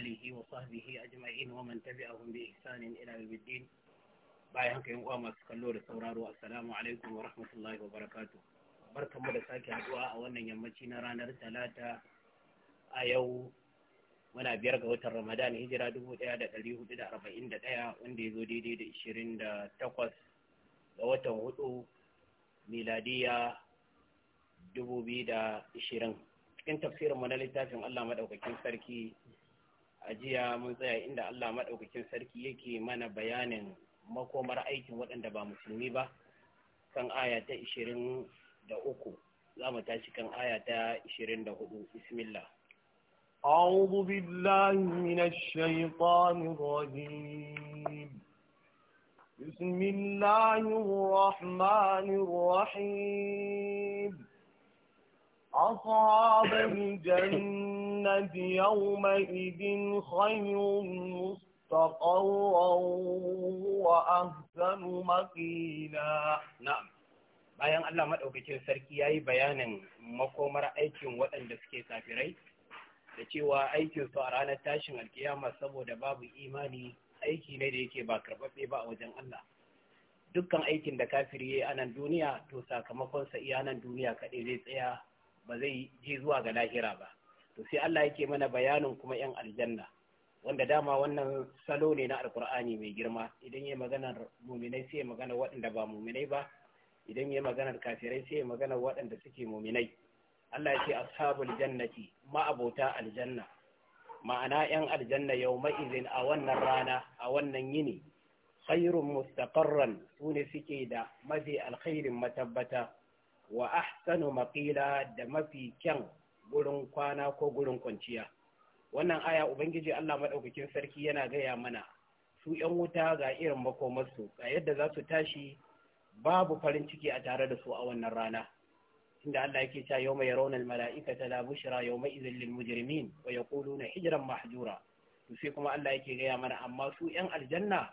Alihi wa آله وصحبه أجمعين ومن تبعهم بإحسان إلى يوم الدين bayan haka yan uwa masu kallo da sauraro assalamu alaikum wa rahmatullahi wa barakatu barkanmu da sake haduwa a wannan yammaci na ranar talata a yau muna biyar ga watan ramadan hijira 1441 wanda ya zo daidai da 28 ga watan hudu miladiya 2020 cikin tafsirin mu na littafin Allah madaukakin sarki a jiya mun tsaya inda Allah maɗaukakin sarki yake mana bayanin makomar aikin waɗanda ba musulmi ba kan aya ta uku za mu tashi kan aya ta hudu bismillah أعوذ بالله من الشيطان الرجيم بسم الله الرحمن الرحيم أصحاب الجنة الْجَنَّةِ يَوْمَئِذٍ خَيْرٌ مُسْتَقَرًّا وَأَحْسَنُ مَقِيلًا نعم bayan Allah Madaukakin sarki ya yi bayanin makomar aikin waɗanda suke safirai da cewa aikin su a ranar tashin alkiyama saboda babu imani aiki ne da yake ba karɓaɓɓe ba a wajen Allah dukkan aikin da kafiri yayi a nan duniya to sakamakonsa iya nan duniya kaɗai zai tsaya ba zai je zuwa ga lahira ba to sai Allah yake mana bayanin kuma yan aljanna wanda dama wannan salo ne na alkur'ani mai girma idan ya maganar muminai sai ya magana waɗanda ba muminai ba idan ya maganar kafirai sai ya magana waɗanda suke muminai Allah ya ashabul jannati ma'abota aljanna ma'ana yan aljanna yawma izin a wannan rana a wannan yini khairun mustaqarran sune suke da mafi alkhairin matabbata wa ahsanu maqila da mafi kyan gurin kwana ko gurin kwanciya wannan aya ubangiji Allah maɗaukakin sarki yana gaya mana su yan wuta ga irin makomarsu ga yadda za su tashi babu farin ciki a tare da su a wannan rana inda Allah yake cewa yawma yarawna almala'ikata la bushra yawma idhil lil mujrimin wa na hijiran mahjura to sai kuma Allah yake gaya mana amma su yan aljanna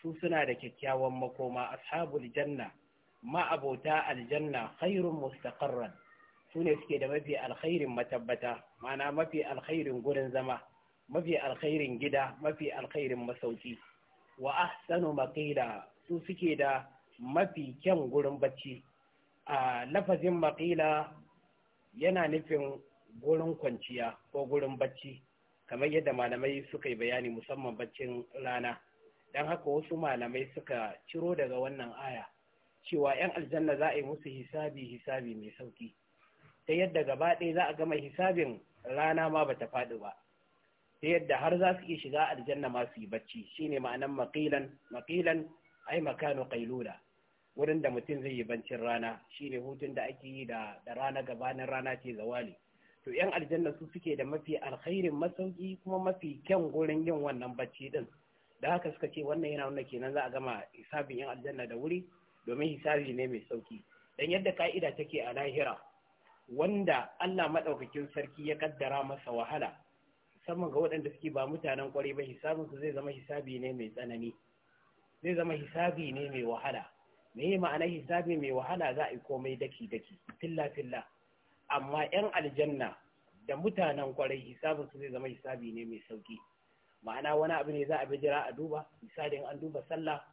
su suna da kyakkyawan makoma ashabul janna ma abota aljanna khairun mustaqarran su ne suke da mafi alkhairin matabbata ma'ana mafi alkhairin gurin zama mafi alkhairin gida mafi alkhairin masauki wa ahsanu maqila su suke da mafi kyan gurin bacci a lafazin maqila yana nufin gurin kwanciya ko gurin bacci kamar yadda malamai suka yi bayani musamman baccin rana don haka wasu malamai suka ciro daga wannan aya cewa 'yan aljanna za a yi musu hisabi hisabi mai sauki ta yadda gaba ɗaya za a gama hisabin rana ma bata faɗi ba ta yadda har za su iya shiga aljanna ma su yi bacci shine ma'anan maƙilan maqilan ai makano qailula wurin da mutum zai yi bancin rana shine hutun da ake yi da rana gabanin rana ce zawali to yan aljanna su suke da mafi alkhairin masauki kuma mafi kyan gurin yin wannan bacci din da haka suka ce wannan yana nuna kenan za a gama hisabin yan aljanna da wuri domin hisabi ne mai sauki dan yadda ka'ida take a lahira wanda Allah maɗaukakin sarki ya kaddara masa wahala musamman ga waɗanda suke ba mutanen kwarai ba hisabinsu zai zama hisabi ne mai tsanani zai zama hisabi ne mai wahala me ma'ana hisabi mai wahala za a yi komai daki-daki filla-filla amma 'yan aljanna da mutanen kwarai hisabinsu zai zama hisabi ne mai sauki ma'ana wani abu ne za a bijira a duba misalin an duba sallah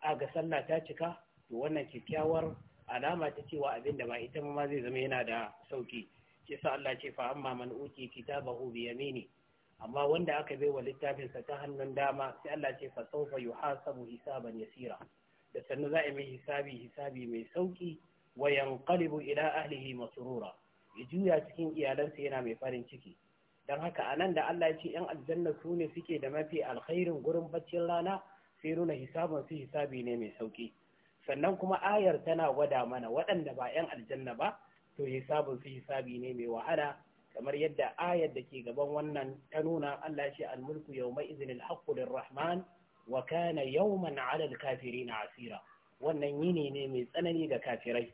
a ga sallah ta cika to wannan kyakkyawar alama ta cewa abin da ba ita ma zai zama yana da sauki shi sa Allah ce fa amma man uti kitabahu bi yamini amma wanda aka baiwa littafin sa ta hannun dama sai Allah ce fa sawfa yuhasabu hisaban yasira da sannu za a mai hisabi hisabi mai sauki wa yanqalibu ila ahlihi masrura ya juya cikin iyalansa yana mai farin ciki dan haka anan da Allah ya ce yan aljanna su ne suke da mafi alkhairin gurin baccin rana sai nuna hisabansu hisabi ne mai sauki sannan kuma ayar tana gwada mana waɗanda ba 'yan aljanna ba to hisabin su hisabi ne mai wahala kamar yadda ayar da ke gaban wannan ta nuna Allah shi almulku yawma izinil haqqu rahman wa kana yawman kafiri na asira wannan yini ne mai tsanani ga kafirai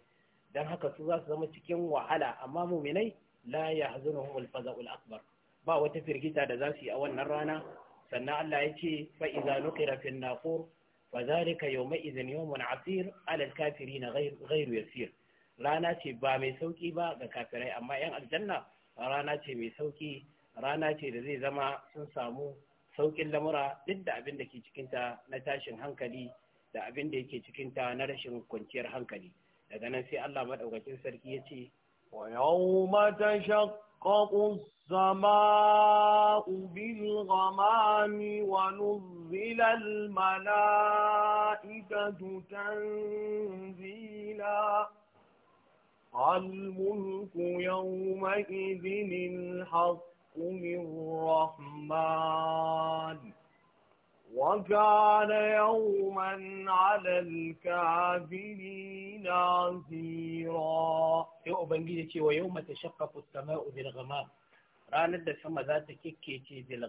dan haka su za su zama cikin wahala amma mu'minai la yahzunuhum alfaza'ul akbar ba wata firgita da za su yi a wannan rana sannan Allah ya ce Fa'iza nukira nuqira فذلك يومئذ يوم عسير على الكافرين غير غير يسير rana ce ba mai سوقي ba ga kafirai amma yan aljanna rana ce mai sauki rana ce da zai zama sun samu saukin lamura duk da abin da ke cikinta na tashin hankali da abin da yake cikinta na rashin kwanciyar hankali daga nan sai Allah madaukakin sarki ya ce wa yawma tashaq تشقق السماء بالغمام ونزل الملائكة تنزيلا الملك يومئذ الحق من الرحمن وكان يوما على الكافرين عسيرا sai ubangiji ce wa yawma tashaqqaqu as-sama'u ranar da sama za ta kikkece bil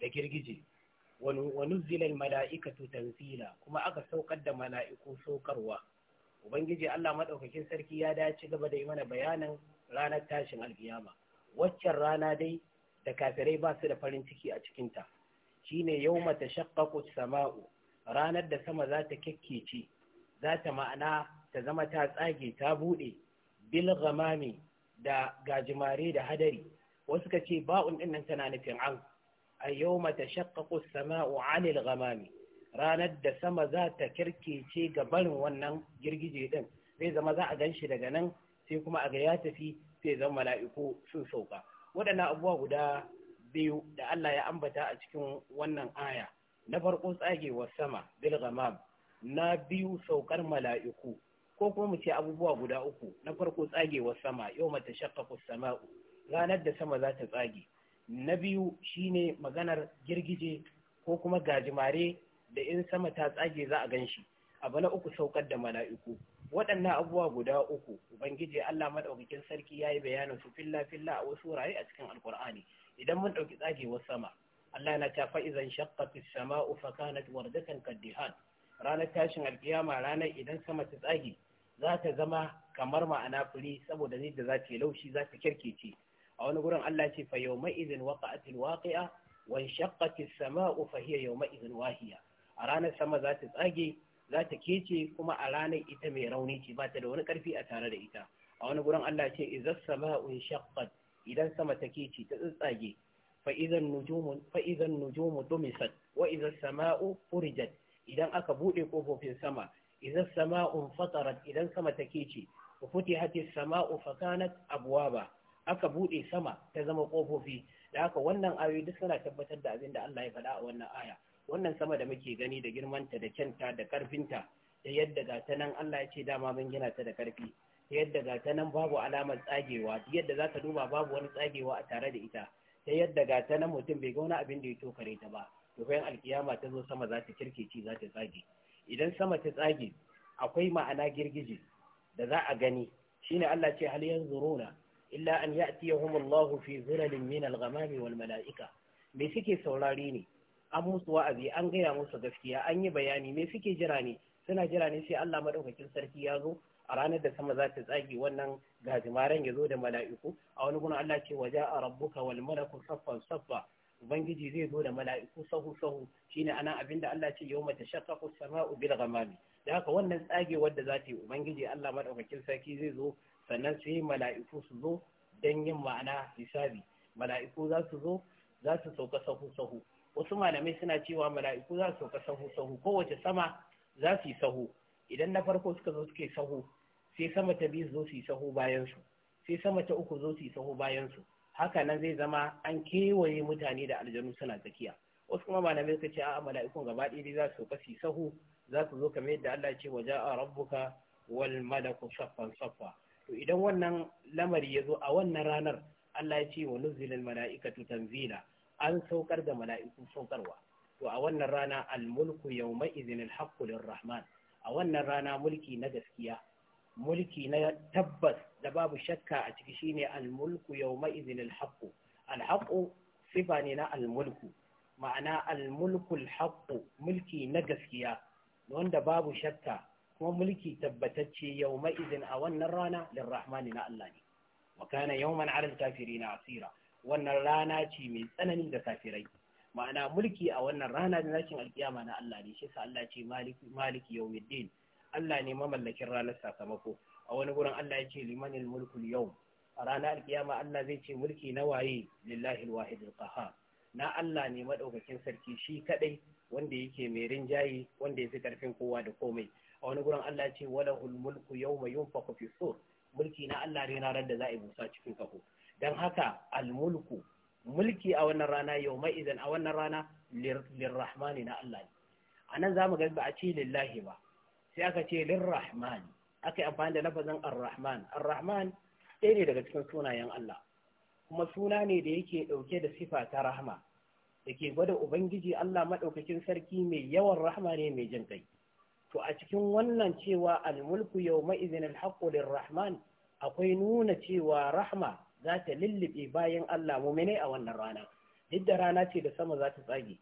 da girgije wa nuzila al mala'ikatu tanzila kuma aka saukar da mala'iku saukarwa ubangiji Allah madaukakin sarki ya dace gaba da yi mana bayanin ranar tashin alkiyama waccan rana dai da kafirai ba su da farin ciki a cikinta ta shine yawma tashaqqaqu sama'u ranar da sama za ta kyakkece za ta ma'ana ta zama ta tsage ta buɗe. bil gamami da gajimare da hadari wasu ka ce ba'un ɗinnan nan tana nufin an a yau mata tashaqqaqu sama'u 'anil gamami. ranar da sama za ta kirkece ga barin wannan girgije ɗin zai zama za a gan shi daga nan sai kuma a ga ya tafi sai zama mala'iku sun sauka waɗannan abubuwa guda biyu da Allah ya ambata a cikin wannan aya na farko tsagewa sama bil ghamam na biyu saukar mala'iku ko kuma mu ce abubuwa guda uku na farko tsagewar sama yau mata shakkaku sama'u ranar da sama za ta tsage na biyu shine maganar girgije ko kuma gajimare da in sama ta tsage za a gan shi abu na uku saukar da mala'iku waɗannan abubuwa guda uku ubangiji Allah maɗaukakin sarki ya yi bayanin su filla filla a wasu raye a cikin alkur'ani idan mun ɗauki tsagewar sama Allah na ta fa'izan shaqqatis sama'u fa kanat wardatan kaddihan ranar tashin alkiyama ranar idan sama ta tsage za ta zama kamar ma'ana fili saboda ni da za ta yi laushi za ta kirkice a wani gurin Allah ce fa yawma idhin waqa'atil waqi'a wa shaqqatis sama'u fa hiya yawma izin wahiya a ranar sama za ta tsage za ta kece kuma a ranar ita mai rauni ce ba ta da wani karfi a tare da ita a wani gurin Allah ce idza sama'u shaqqat idan sama ta kece ta tsatsage fa’izan idan nujumu fa idan wa idan sama'u furijat idan aka buɗe ƙofofin sama idan Sama'un fatarat idan sama ta kece wa futihatis sama'u fakanat ba aka buɗe sama ta zama ƙofofi. da aka wannan ayo duk suna tabbatar da abin da Allah ya faɗa a wannan aya wannan sama da muke gani da girmanta da kyanta da ƙarfinta, da yadda ga ta nan Allah ya ce dama mun gina ta da ƙarfi. yadda ga ta nan babu alamar tsagewa yadda za ka duba babu wani tsagewa a tare da ita ta yadda ga ta nan mutum bai gauna abin da ya tokare ta ba to bayan alkiyama ta zo sama za ta kirkeci za ta tsage idan sama ta tsage akwai ma'ana girgije da za a gani shine Allah ce hal yanzuruna illa an ya'tiyahum Allahu fi zulalin min al-ghamami wal mala'ika me suke saurare ne an musu wa'azi an gaya musu gaskiya an yi bayani me suke jira ne suna jira ne sai Allah madaukakin sarki ya zo a ranar da sama za ta tsage wannan gajimaren ya zo da mala'iku a wani gurin Allah ce waje a rabbuka wal malaku saffan saffa ubangiji zai zo da mala'iku sahu sahu shine anan abinda Allah ce yawma tashaqqaqu sama'u bil ghamami da haka wannan tsage wanda za ta yi ubangiji Allah madaukakin sarki zai zo sannan sai mala'iku su zo dan yin ma'ana hisabi mala'iku za su zo za su sauka sahu sahu wasu malamai suna cewa mala'iku za su sauka sahu sahu kowace sama za su yi sahu idan na farko suka zo suke sahu sai sama ta biyu zo su yi sahu bayan su sai sama ta uku zo su yi sahu bayan su haka nan zai zama an kewaye mutane da aljanu suna tsakiya wasu kuma malamai suka ce a'a mala'ikun gaba ɗaya za su sauka su yi sahu za su zo kamar yadda Allah ce wa ja'a rabbuka wal malaku saffan saffa to idan wannan lamari ya zo a wannan ranar Allah ya ce wa nuzilal mala'ikatu tanzila an saukar da mala'iku saukarwa to a wannan rana al-mulku yawma idhin haqqu lir a wannan rana mulki na gaskiya mulki na tabbas da babu shakka a ciki shine al-mulku yawma idhin al-haqqu al sifa ne na al-mulku ma'ana al-mulku mulki na gaskiya wanda babu shakka kuma mulki tabbatacce yawma idhin a wannan rana lir na Allah ne wa kana yawman 'ala al asira wannan rana ce mai tsanani da kafirai ma'ana mulki a wannan rana da zakin alkiyama na Allah ne shi sa Allah ce maliki yawmiddin Allah ne mamallakin ranar sakamako a wani gurin Allah ya ce limanil mulku yau a ranar alkiyama Allah zai ce mulki na waye lillahi alwahidul qahhar na Allah ne madaukakin sarki shi kadai wanda yake mai rinjaye wanda yafi karfin kowa da komai a wani gurin Allah ya ce walahul mulku yawma yunfaqu fi sur mulki na Allah ne ranar da za a yi busa cikin kafo Dan haka almulku mulki a wannan rana yau mai idan a wannan rana lirrahmani na Allah ne a nan za mu ga ba a ce lillahi ba sai aka ce lirrahmani aka yi amfani da lafazin arrahman arrahman ɗaya ne daga cikin sunayen Allah kuma suna ne da yake ɗauke da sifa ta rahma da ke gwada ubangiji Allah maɗaukakin sarki mai yawan rahma ne mai jin kai to a cikin wannan cewa almulku yau mai idan haƙƙulin lirrahman akwai nuna cewa rahma za ta lullube bayan Allah muminai a wannan rana duk da rana ce da sama za ta tsage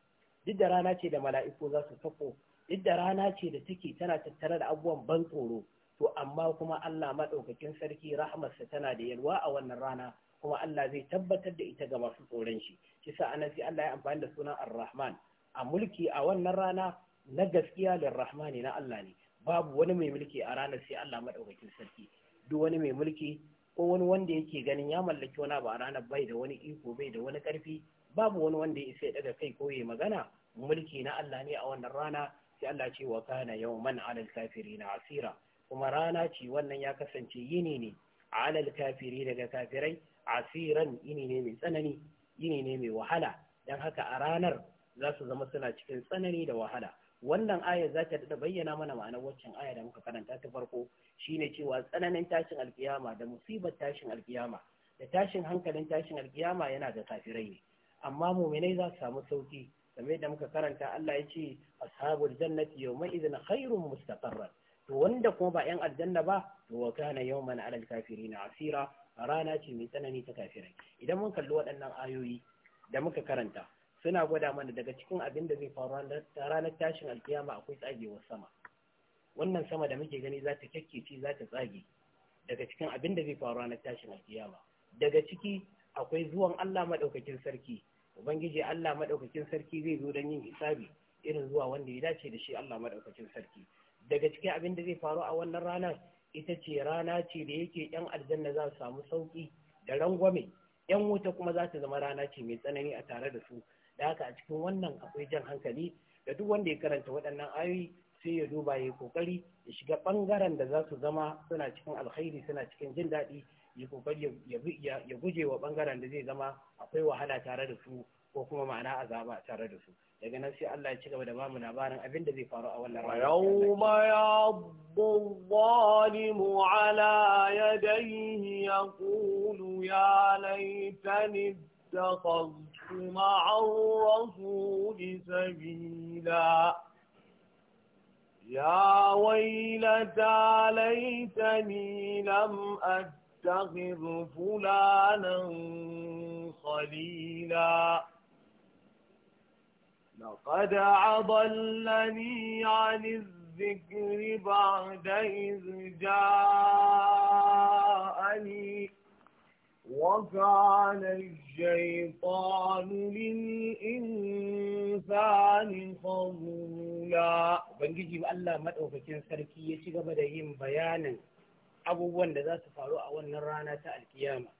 duk da rana ce da mala'iku za su sako duk da rana ce da take tana tattare da abubuwan ban tsoro to amma kuma Allah madaukakin sarki rahmarsa tana da yalwa a wannan rana kuma Allah zai tabbatar da ita ga masu tsoron shi Kisa sa anan sai Allah ya amfani da sunan Ar-Rahman a mulki a wannan rana na gaskiya Rahman na Allah ne babu wani mai mulki a ranar sai Allah madaukakin sarki duk wani mai mulki ko wani wanda yake ganin ya mallaki wani ba ranar bai da wani iko bai da wani karfi babu wani wanda ya isa daga kai ko ya magana mulki na Allah ne a wannan rana sai Allah ce wa kana yawman alal kafirina asira kuma rana ce wannan ya kasance yini ne alal kafiri daga kafirai asiran yini ne mai tsanani yini ne mai wahala dan haka a ranar za su zama suna cikin tsanani da wahala wannan aya za ta da bayyana mana ma'anar waccan aya da muka karanta ta farko shine cewa tsananin tashin alkiyama da musibar tashin alkiyama da tashin hankalin tashin alkiyama yana ga kafirai ne amma muminai za su samu sauki kamar yadda muka karanta Allah ya ce ashabul jannati yawma idhin khairun mustaqarran to wanda kuma ba yan aljanna ba to wa kana yawman alal kafirina asira rana ce mai tsanani ta kafirai idan mun kalli waɗannan ayoyi da muka karanta suna gwada mana daga cikin abin da zai faru ranar tashin alkiyama akwai tsagewar sama wannan sama da muke gani za ta kyakkyaci, za ta tsage daga cikin abin da zai faru ranar tashin alkiyama daga ciki akwai zuwan Allah madaukakin sarki ubangiji Allah madaukakin sarki zai zo don yin hisabi irin zuwa wanda ya dace da shi Allah madaukakin sarki daga cikin abin da zai faru a wannan ranar ita ce rana ce da yake yan aljanna za su samu sauki da rangwame yan wuta kuma za ta zama rana ce mai tsanani a tare da su da haka a cikin wannan akwai jan hankali da duk wanda ya karanta waɗannan ayoyi sai ya duba ya kokari ya shiga ɓangaren da za su zama suna cikin alkhairi suna cikin jin daɗi ya kokari ya guje wa ɓangaren da zai zama akwai wahala tare da su ko kuma ma'ana azaba tare da su daga nan sai Allah ya ci gaba da ba mu labarin abin da zai faru a wannan rana yawma ya zalimu ala yadayhi yaqulu ya laitani ittakhadhu مع الرسول سبيلا يا ويلتى ليتني لم أتخذ فلانا خليلا لقد عضلني عن الذكر بعد إذ جاءني وكان الشيطان للإنسان خذولا Ubangiji Allah maɗaukakin sarki ya ci gaba da yin bayanin abubuwan da za su faru a wannan rana ta alkiyama.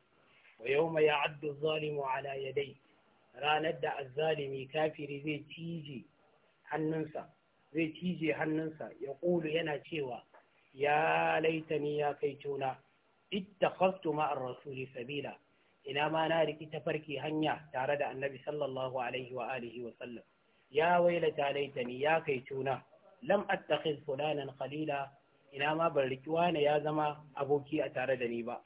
Wayoma ya mai ya'addu zalimu ala yadai, ranar da azzalimi kafiri zai cije hannunsa, ya ƙulu yana cewa, ya laitani ya kai tona. ittakhadtu ma'ar rasuli sabila ina ma na riki ta farki hanya tare da annabi sallallahu alaihi wa alihi wa sallam ya wailata laitani ya kai tuna lam attakhiz fulanan qalila ina ma ban riki wani ya zama aboki a tare da ni ba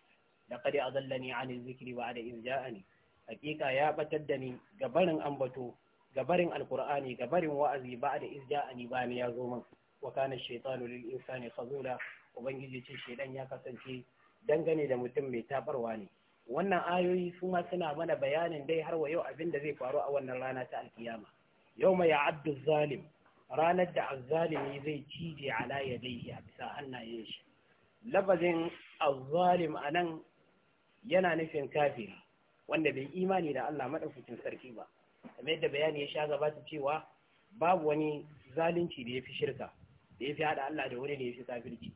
laqad adallani an zikri ba'da in ja'ani hakika ya batar da ni gabarin ambato gabarin alqur'ani gabarin wa'azi ba'da in ja'ani ba ne ya zo min wa kana shaytanu lil insani khazula ubangiji ce shedan ya kasance dangane da mutum mai tabarwa ne wannan ayoyi su ma suna mana bayanin dai har wa yau abin da zai faru a wannan rana ta alkiyama yau mai abdu zalim ranar da azzalimi zai cije ala ya daihi a bisa hannayen shi labazin azzalim a nan yana nufin kafiri wanda bai imani da Allah maɗaukacin sarki ba kamar yadda bayani ya sha gabata cewa babu wani zalunci da ya fi shirka da ya fi haɗa Allah da wani da ya fi kafirci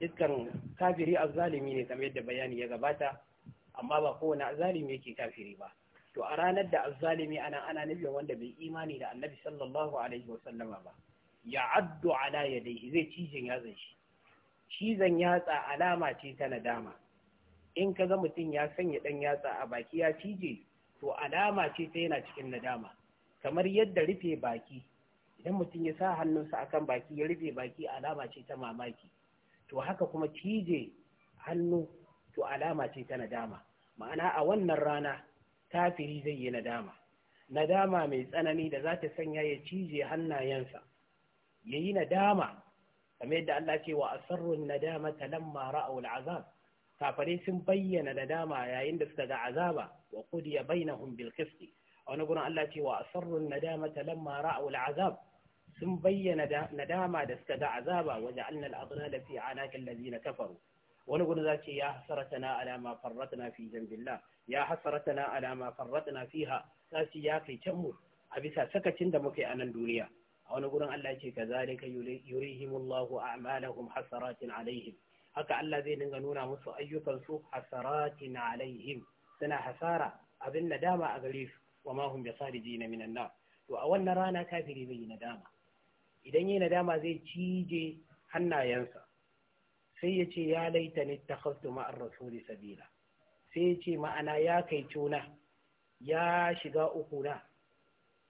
dukkan kafiri zalimi ne kamar yadda bayani ya gabata amma ba kowane zalimi yake kafiri ba to a ranar da azzalimi ana ana nufin wanda bai imani da annabi sallallahu alaihi wa sallama ba ya addu ala yadayhi zai cijin yatsan shi cizon yatsa alama ce ta nadama in ka ga mutum ya sanya dan yatsa a baki ya cije to alama ce ta yana cikin nadama kamar yadda rufe baki idan mutum ya sa hannunsa akan baki ya rufe baki alama ce ta mamaki to haka kuma cije hannu to alama ce ta nadama ma'ana a wannan rana kafiri zai yi nadama nadama mai tsanani da za ta sanya ya cije hannayensa ya yi nadama kamar yadda Allah ce wa asarrun nadama ta mara ra'au al'azab kafare sun bayyana nadama yayin da suka ga azaba wa qudiya ya bil qisti a wani gurin Allah ce wa asarrun nadama ta lamma ra'au al'azab sun bayyana nadama da suka ga azaba waje annal adna da fi anakin na kafaru wani gudu zace ya hasaratana ala ma farratna fi jambillah ya hasaratana ala ma farratna fiha za ya kai can mu a bisa sakacin da muke a nan duniya a wani gurin Allah ce kazalika yurihimullahu a'malahum hasaratin alaihim haka Allah zai dinga nuna musu su hasaratin alaihim suna hasara abin nadama a gare su wa ma hum bisarijin minan nar to a wannan rana kafiri bai nadama idan yi nadama zai cije hannayensa sai ya ce ya laita ni ta ma'ar rasuli sabila sai ya ce ma'ana ya kai tuna ya shiga uku na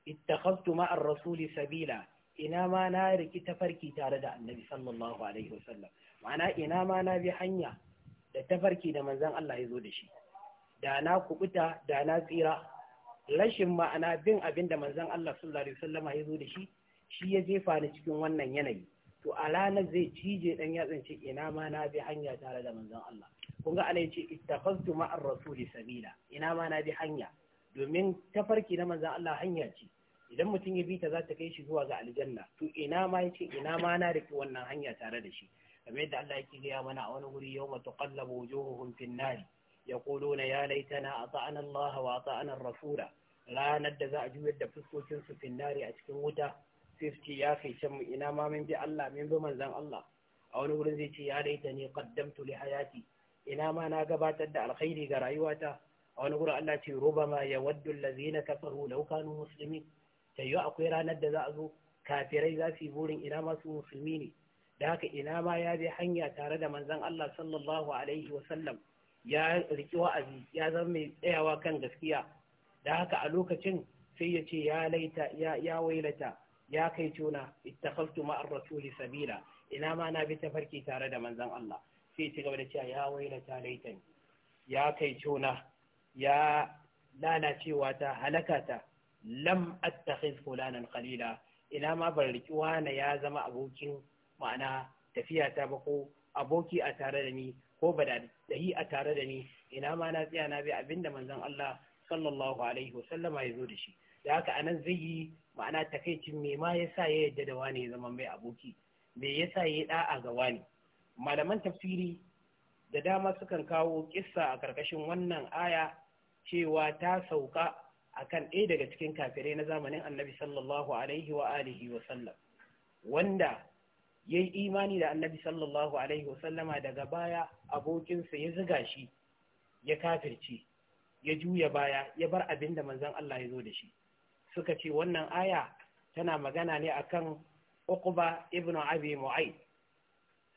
ittakhaftu ma'ar rasuli sabila ina ma na riki tafarki tare da annabi sallallahu alaihi wasallam ma'ana ina ma na bi hanya da tafarki da manzon Allah ya zo da shi da na kubuta da na tsira rashin ma'ana bin abinda da manzon Allah sallallahu alaihi wasallam ya zo da shi shi ya jefa ni cikin wannan yanayi to a zai cije dan yatsan ce ina ma na bi hanya tare da manzon Allah kun ga alai ce ittakhaztu ma'ar rasuli sabila ina ma na bi hanya domin tafarki na manzon Allah hanya ce idan mutum ya bi ta za ta kai shi zuwa ga aljanna to ina ma ya ce ina ma na da wannan hanya tare da shi kamar yadda Allah yake gaya mana a wani wuri yau mata kallabu wujuhuhum fin nari yaquluna ya laitana ata'ana Allah wa ata'ana rasula ranar da za a juyar da fuskokinsu su a cikin wuta sai ya kai can mu ina ma min bi Allah min bi manzan Allah a wani gurin zai ce ya laita ne qaddamtu li hayati ina ma na gabatar da alkhairi ga rayuwata a wani gurin Allah ce rubama yawaddu allazina kafaru law kanu muslimin tayyo akwai ranar da za a zo kafirai za su yi burin ina ma su musulmi ne da haka ina ma ya bi hanya tare da manzon Allah sallallahu alaihi wa sallam ya riki wa'azi ya zama mai tsayawa kan gaskiya da haka a lokacin sai ya ce ya laita ya wailata ya kai tuna ittakhaftu ma'ar rasuli sabila ina ma na bi tafarki tare da manzon Allah sai ci gaba da cewa ya ta laitani ya kai tuna ya lalacewa ta halakata lam attakhiz fulanan qalila ina ma ban riki wani ya zama abokin ma'ana tafiya ta ba ko aboki a tare da ni ko ba da dahi a tare da ni ina ma na tsaya na bi abinda manzon Allah sallallahu alaihi wasallama ya zo da shi da haka anan zai yi ma'ana takaicin me ma yasa ya yadda da wani ya zama mai aboki me yasa ya da'a ga wani malaman tafsiri da dama sukan kawo kissa a karkashin wannan aya cewa ta sauka akan ɗaya daga cikin kafirai na zamanin annabi sallallahu alaihi wa alihi wa sallam wanda ya yi imani da annabi sallallahu alaihi wa sallama daga baya abokinsa ya ziga shi ya kafirci ya juya baya ya bar abin da manzon Allah ya zo da shi suka ce wannan aya tana magana ne akan Uqba ibn Abi Mu'ayd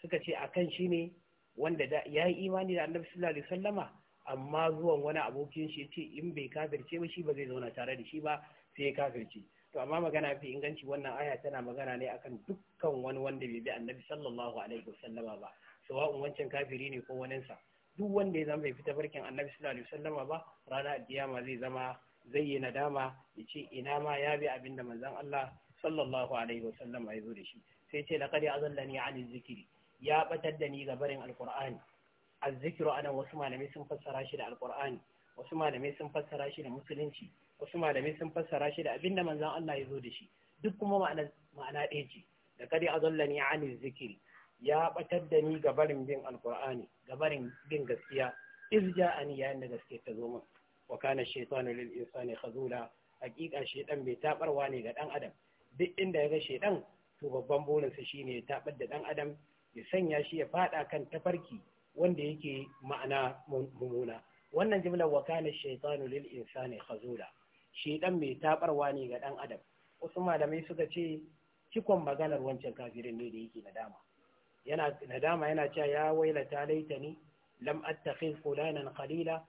suka ce akan shi ne wanda ya yi imani da Annabi sallallahu alaihi wasallama amma zuwan wani abokin shi ce in bai kafirce ba shi ba zai zauna tare da shi ba sai ya kafirce to amma magana fi inganci wannan aya tana magana ne akan dukkan wani wanda bai bi Annabi sallallahu alaihi wasallama ba sawa'un wancan kafiri ne ko waninsa duk wanda ya zama bai fita barkin Annabi sallallahu alaihi wasallama ba rana alkiyama zai zama zai yi nadama ya ce ina ma ya bi abin da manzon Allah sallallahu alaihi wa sallam ya zo da shi sai ce laqad azallani ani zikiri ya batar da ni ga barin alqur'ani azzikiru anan wasu malamai sun fassara shi da alqur'ani wasu malamai sun fassara shi da musulunci wasu malamai sun fassara shi da abin da manzon Allah ya zo da shi duk kuma ma'ana ma'ana ɗaya ce laqad azallani ani zikiri ya batar da ni ga barin bin alqur'ani ga barin bin gaskiya izja'ani yayin da gaske ta zo min wa kana shaytanu lil insani khazula hakika shaytan mai tabarwa ne ga dan adam duk inda ya ga shaytan to babban sa shine ya tabar da dan adam ya sanya shi ya fada kan tafarki wanda yake ma'ana mummuna wannan jimlar wa kana shaytanu lil insani khazula shaytan mai tabarwa ne ga dan adam wasu malamai suka ce cikon maganar wancan kafirin ne da yake nadama yana nadama yana cewa ya wailata laitani lam attakhiz fulanan qalila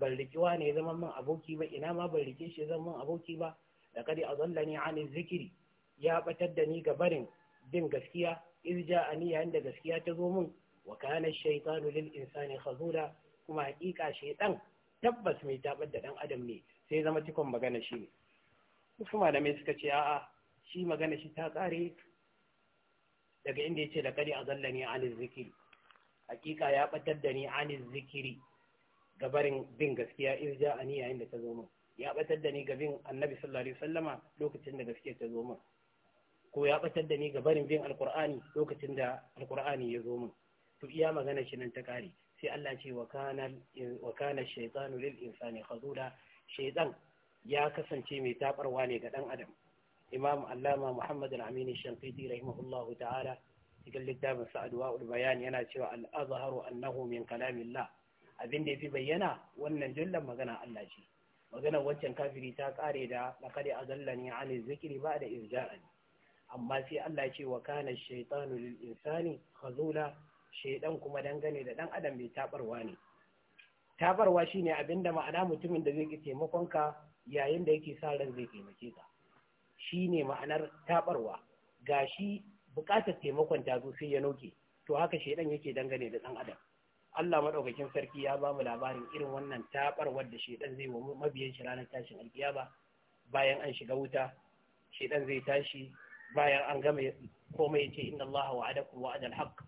ban riki wani ya zama min aboki ba ina ma ban rike shi zama min aboki ba da kadi azallani ani zikiri ya batar da ni ga barin bin gaskiya Izja ani yayin da gaskiya ta zo min wa kana shaytanu lil insani khazura kuma hakika shaytan tabbas mai tabar da dan adam ne sai zama cikon magana shi ne wasu malamai suka ce a'a shi magana shi ta kare daga inda yace da kadi azallani ani zikiri hakika ya batar da ni ani zikiri Gabarin bin gaskiya irja a yayin da ta zo min ya batar da ni ga bin annabi sallallahu alaihi wasallama lokacin da gaskiya ta zo min ko ya batar da ni ga barin bin alqur'ani lokacin da alqur'ani ya zo min to iya magana shi nan ta kare sai Allah ce wa kana wa kana shaytanu lil insani khazula shaytan ya kasance mai tabarwa ne ga dan adam imam allama muhammad al-amin shankiti rahimahullahu ta'ala cikin littafin sa'ad wa'ul bayan yana cewa al-azharu annahu min kalamillah abin da ya fi bayyana wannan jumlar magana Allah ce maganar wancan kafiri ta kare da laqad azallani an zikri da irja'ani amma sai Allah ce wa kana shaytanu lil insani khazula shaydan kuma dangane da dan adam bai tabarwa ne tabarwa shine abinda ma'ana mutumin da zai ki taimakon ka yayin da yake sa ran zai taimake ka shine ma'anar tabarwa shi bukatar taimakon ta zo sai ya noke to haka shaydan yake dangane da dan adam Allah madaukakin sarki ya ba mu labarin irin wannan taɓar wadda shedan zai wa mabiyan shi ranar tashin alkiyama bayan an shiga wuta shedan zai tashi bayan an gama komai yace inna Allah wa'adakum wa'adal haqq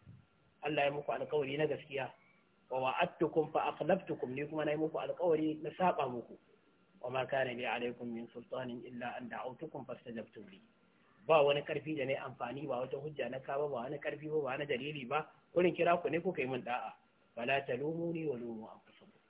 Allah ya muku alƙawari na gaskiya wa wa'adtukum fa akhlaftukum ni kuma nayi muku alƙawari na saba muku wa ma kana li alaikum min sultanin illa an da'awtukum fastajabtum li ba wani karfi da ne amfani ba wata hujja na kaba ba wani karfi ba ba na dalili ba kurin kira ku ne kuka yi min da'a wala talumuni wa lumu anfusakum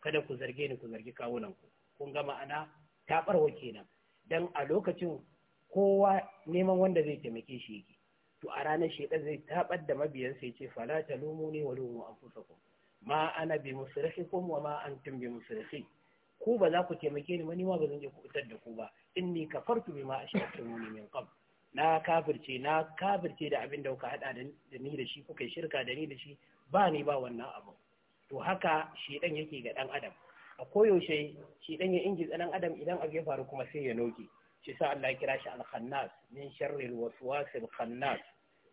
kada ku zarge ni ku zargi kawunan ku kun ga ma'ana taɓarwa kenan dan a lokacin kowa neman wanda zai taimake shi yake to a ranar shi zai tabar da mabiyansa yace fala talumuni wa lumu anfusakum ma ana bi musrifikum wa ma tun bi musrifi ku ba za ku taimake ni mani ma ba zan je ku da ku ba inni kafartu bima ashraktumuni min qabl na kafirce na kafirce da abin da kuka hada da ni da shi kuka shirka da ni da shi ba ni ba wannan abu to haka shedan yake ga dan adam a koyaushe ɗan ya ingi dan adam idan abu ya faru kuma sai ya noke shi sa Allah ya kira shi al-khannas min sharril al khannas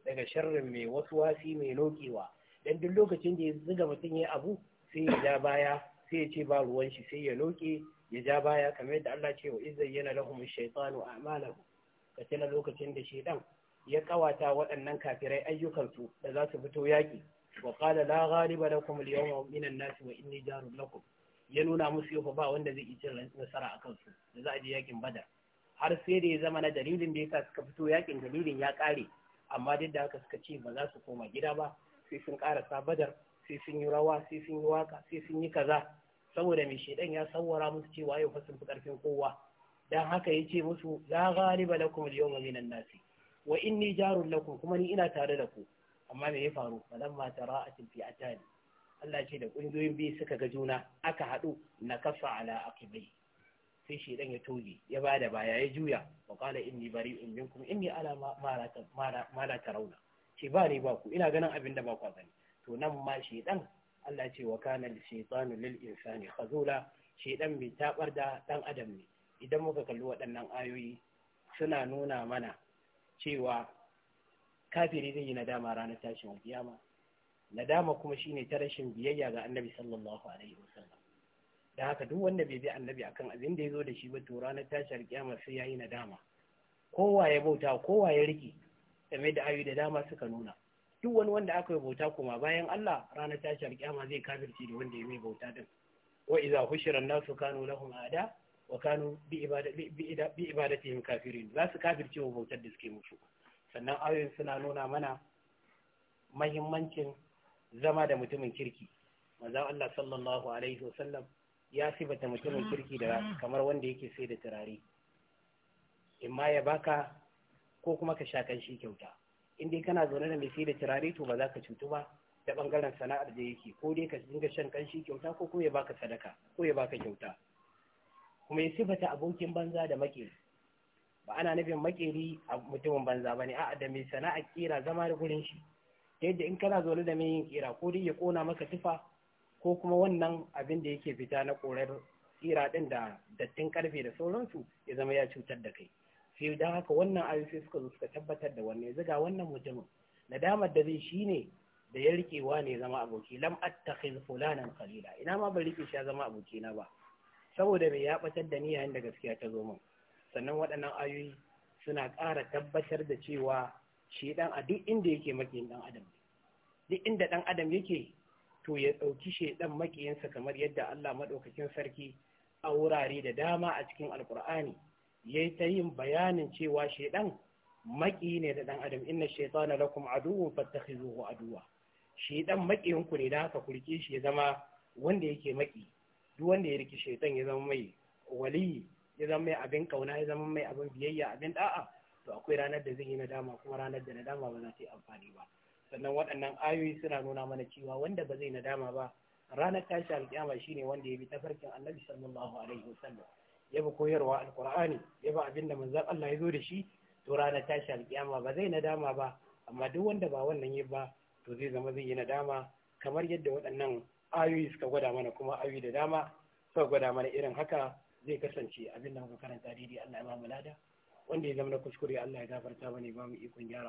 daga sharrin mai waswasi mai nokewa dan duk lokacin da ya zuga mutum ya abu sai ya ja baya sai ya ce ba ruwan shi sai ya noke ya ja baya kamar yadda Allah ce wa yana lahum ash-shaytanu a'malahum kace na lokacin da shedan ya kawata waɗannan kafirai ayyukansu da za su fito yaƙi وقال لا غالب لكم اليوم من الناس واني جار لكم ya nuna musu yau ba wanda zai iya cin nasara a kansu da za a je yakin badar har sai da ya zama na dalilin da yasa suka fito yakin dalilin ya kare amma duk da haka suka ce ba za su koma gida ba sai sun karasa badar sai sun yi rawa sai sun yi waka sai sun yi kaza saboda mai shaidan ya sawwara musu cewa yau fa sun fi karfin kowa dan haka ya ce musu la ghaliba lakum al-yawma minan nasi wa inni jarun lakum kuma ni ina tare da ku amma me ya faru falan ma tara a tafi a tani Allah ce da ƙungiyoyin biyu suka ga juna aka haɗu na kafa ala akibai sai shi ya toge ya bada baya ya juya wa qala inni bari'un minkum inni ala ma la tarawna ce ba ni ba ku ina ganin abin da ba ku gani to nan ma shedan Allah ce wa kana shaytanu lil insani khazula shedan bai tabar da dan adam ne idan muka kalli waɗannan ayoyi suna nuna mana cewa kafiri zai yi nadama ranar tashin alkiyama nadama kuma shine ta rashin biyayya ga annabi sallallahu alaihi wasallam da haka duk wanda bai bi annabi akan abin da ya zo da shi ba to ranar tashin alkiyama sai yayi nadama kowa ya bauta kowa ya rike. game da ayu da dama suka nuna duk wani wanda aka yi bauta kuma bayan Allah ranar tashin alkiyama zai kafirci da wanda ya mai bauta din wa idza hushira an-nasu kanu lahum ada wa kanu bi ibadatihim kafirin za su kafirce wa bautar da suke musu sannan ayoyin suna nuna mana mahimmancin zama da mutumin kirki manzon Allah sallallahu alaihi wasallam ya sifata mutumin kirki da kamar wanda yake sai da turare ma ya baka ko kuma ka sha shi kyauta in dai kana zaune da mai sai da turare to ba za ka cutu ba ta bangaren sana'ar da yake ko dai ka dinga shan kanshi kyauta ko kuma ya baka sadaka ko ya baka kyauta kuma ya sifata abokin banza da maki ba ana nufin makeri a mutumin banza ba ne a da mai sana'a kira zama da gurin shi ta yadda in kana zaune da mai yin kira ko dai ya kona maka tufa ko kuma wannan abin da yake fita na korar kira din da dattin karfe da sauransu ya zama ya cutar da kai sai da haka wannan ayyuka suka zo suka tabbatar da wannan ziga wannan mutumin nadamar da zai shi ne da ya rikewa ne zama aboki lam attakhiz fulanan khalila ina ma ban riƙe shi ya zama abokina ba saboda bai ya batar da niyyar yayin da gaskiya ta zo min sannan waɗannan ayoyi suna ƙara tabbatar da cewa shi ɗan a duk inda yake makiyin ɗan adam duk inda ɗan adam yake to ya ɗauki shaidan makiyinsa kamar yadda Allah maɗaukakin sarki a wurare da dama a cikin alƙur'ani ya yi ta yin bayanin cewa shaidan maƙi ne da ɗan adam inna shaitana lakum fatta hizuhu aduwa shaidan makiyinku ne da haka kurki shi ya zama wanda yake maki duk wanda ya riki shaidan ya zama mai waliyi ya zama mai abin kauna ya zama mai abin biyayya abin da'a to akwai ranar da zai yi nadama kuma ranar da nadama ba za ta yi amfani ba sannan waɗannan ayoyi suna nuna mana cewa wanda ba zai nadama ba ranar tashi alƙiyama shine wanda ya bi ta tafarkin annabi sallallahu alaihi wasallam ya bi koyarwa alƙur'ani ya bi abin da manzon Allah ya zo da shi to ranar tashi alƙiyama ba zai nadama ba amma duk wanda ba wannan ya ba to zai zama zai yi nadama kamar yadda waɗannan ayoyi suka gwada mana kuma ayoyi da dama suka gwada mana irin haka zai kasance abin da muka karanta daidai Allah ya ba mu lada wanda ya zama na kuskure Allah ya gafarta mana ba mu ikon gyara